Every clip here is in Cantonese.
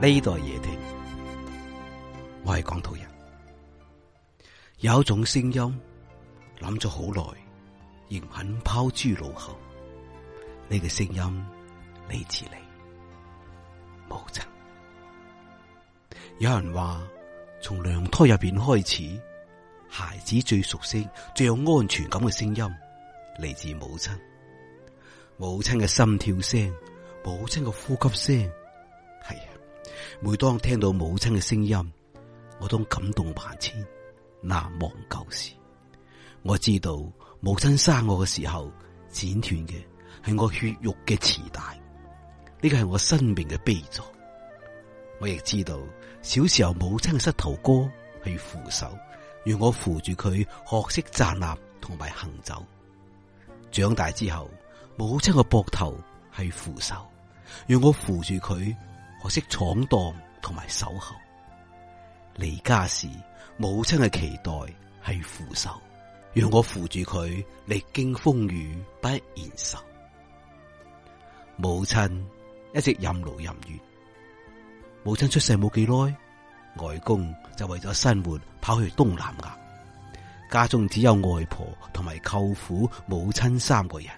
呢度係夜聽，我係廣土人。有一種聲音，諗咗好耐，仍肯拋諸腦後。呢、呢個聲音，嚟自你母親。有人話，從娘胎入邊開始，孩子最熟悉、最有安全感嘅聲音，嚟自母親。母親嘅心跳聲，母親嘅呼吸聲。每當聽到母親嘅聲音，我都感動萬千，難忘舊時。我知道母親生我嘅時候剪斷嘅係我血肉嘅臍帶，呢個係我生命嘅悲座。我亦知道小時候母親嘅膝頭哥係扶手，讓我扶住佢學識站立同埋行走。長大之後，母親嘅膊頭係扶手，讓我扶住佢。學識闖蕩同埋守候，離家時母親嘅期待係扶手，讓我扶住佢，歷經風雨不言愁。母親一直任勞任怨。母親出世冇幾耐，外公就為咗生活跑去東南亞，家中只有外婆同埋舅父、母親三個人。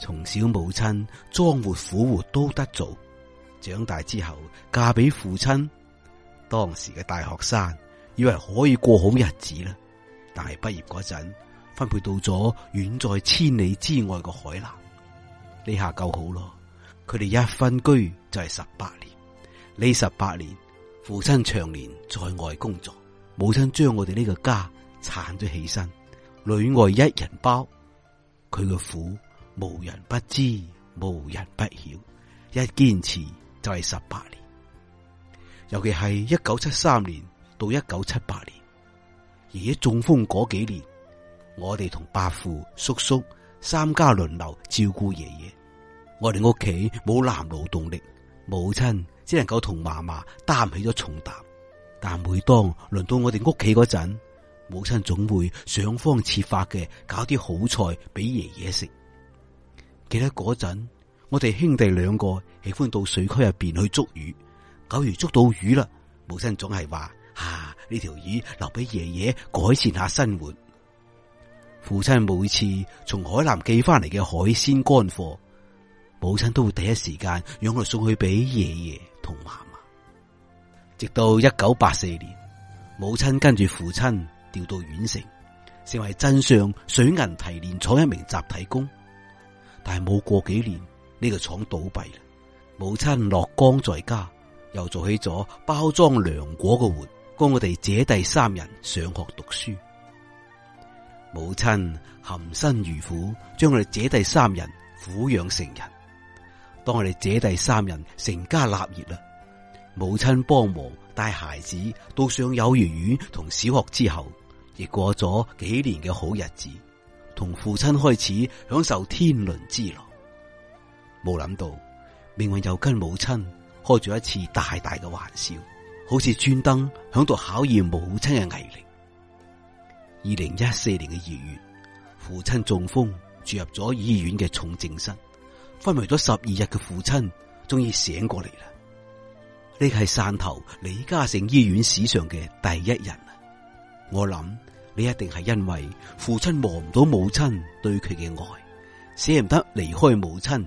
從小母親裝活苦活都得做。長大之後嫁俾父親，當時嘅大學生以為可以過好日子啦。但係畢業嗰陣，分配到咗遠在千里之外嘅海南，呢下夠好咯。佢哋一分居就係十八年，呢十八年父親長年在外工作，母親將我哋呢個家撐咗起身，裏外一人包，佢嘅苦無人不知，無人不曉，一堅持就係十八年，尤其係一九七三年到一九七八年，爺爺中風嗰幾年，我哋同伯父、叔叔三家輪流照顧爺爺。我哋屋企冇男勞動力，母親只能夠同嫲嫲擔起咗重擔。但每當輪到我哋屋企嗰陣，母親總會想方設法嘅搞啲好菜俾爺爺食。記得嗰陣。我哋兄弟兩個喜歡到水區入邊去捉魚，九如捉到魚啦，母親總係話：吓、啊、呢條魚留俾爺爺改善下生活。父親每次從海南寄翻嚟嘅海鮮乾貨，母親都會第一時間讓佢送去俾爺爺同嫲嫲。直到一九八四年，母親跟住父親調到縣城，成為鎮上水銀提煉廠一名集體工，但係冇過幾年。呢個廠倒閉啦，母親落崗在家，又做起咗包裝涼果嘅活，供我哋姐弟三人上學讀書。母親含辛茹苦，將我哋姐弟三人撫養成人。當我哋姐弟三人成家立業啦，母親幫忙帶孩子到上幼兒園同小學之後，亦過咗幾年嘅好日子，同父親開始享受天倫之樂。冇諗到，命運又跟母親開咗一次大大嘅玩笑，好似專登響度考驗母親嘅毅力。二零一四年嘅二月，父親中風住入咗醫院嘅重症室，昏迷咗十二日嘅父親終於醒過嚟啦！呢係汕頭李嘉誠醫院史上嘅第一人啊！我諗你一定係因為父親忘唔到母親對佢嘅愛，捨唔得離開母親。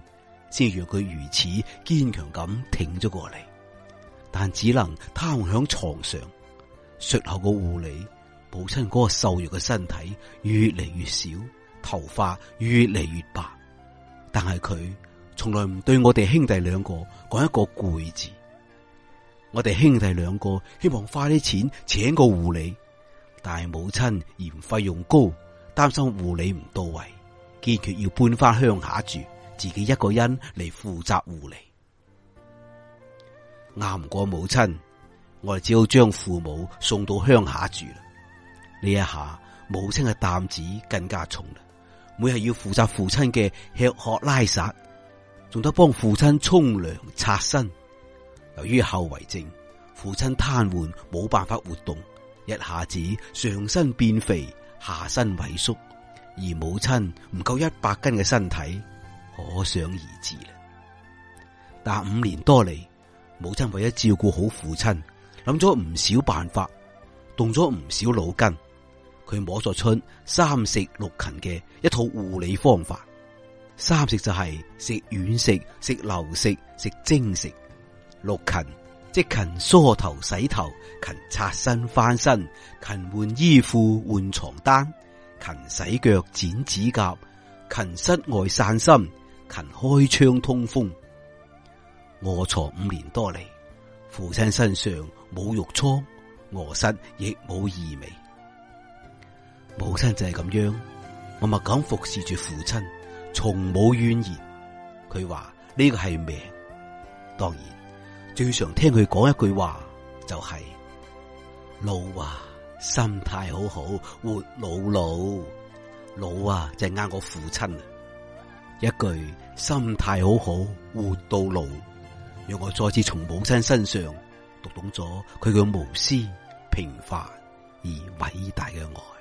先讓佢如此堅強咁挺咗過嚟，但只能癱響床上。術後個護理，母親嗰個瘦弱嘅身體越嚟越小，頭髮越嚟越白。但係佢從來唔對我哋兄弟兩個講一個攰字。我哋兄弟兩個希望花啲錢請個護理，但係母親嫌費用高，擔心護理唔到位，堅決要搬翻鄉下住。自己一個人嚟負責護理，拗唔過母親，我哋只好將父母送到鄉下住啦。呢一下，母親嘅擔子更加重啦。每日要負責父親嘅吃喝拉撒，仲得幫父親沖涼擦身。由於後遺症，父親癱瘓，冇辦法活動，一下子上身變肥，下身萎縮，而母親唔夠一百斤嘅身體。可想而知啦。但五年多嚟，母親為咗照顧好父親，諗咗唔少辦法，動咗唔少腦筋。佢摸索出三食六勤嘅一套護理方法。三食就係食軟食、食流食、食蒸食。六勤即勤梳頭、洗頭，勤擦身、翻身，勤換衣褲、換床單，勤洗腳、剪指甲，勤室外散心，勤開窗通風，臥床五年多嚟，父親身上冇褥瘡，臥室亦冇異味。母親就係咁樣，我咪敢服侍住父親，從冇怨言。佢話呢個係命，當然最常聽佢講一句話就係老啊，心態好好，活老老老啊，就係啱我父親。一句心態好好，活到老，讓我再次從母親身上讀懂咗佢嘅無私、平凡而偉大嘅愛。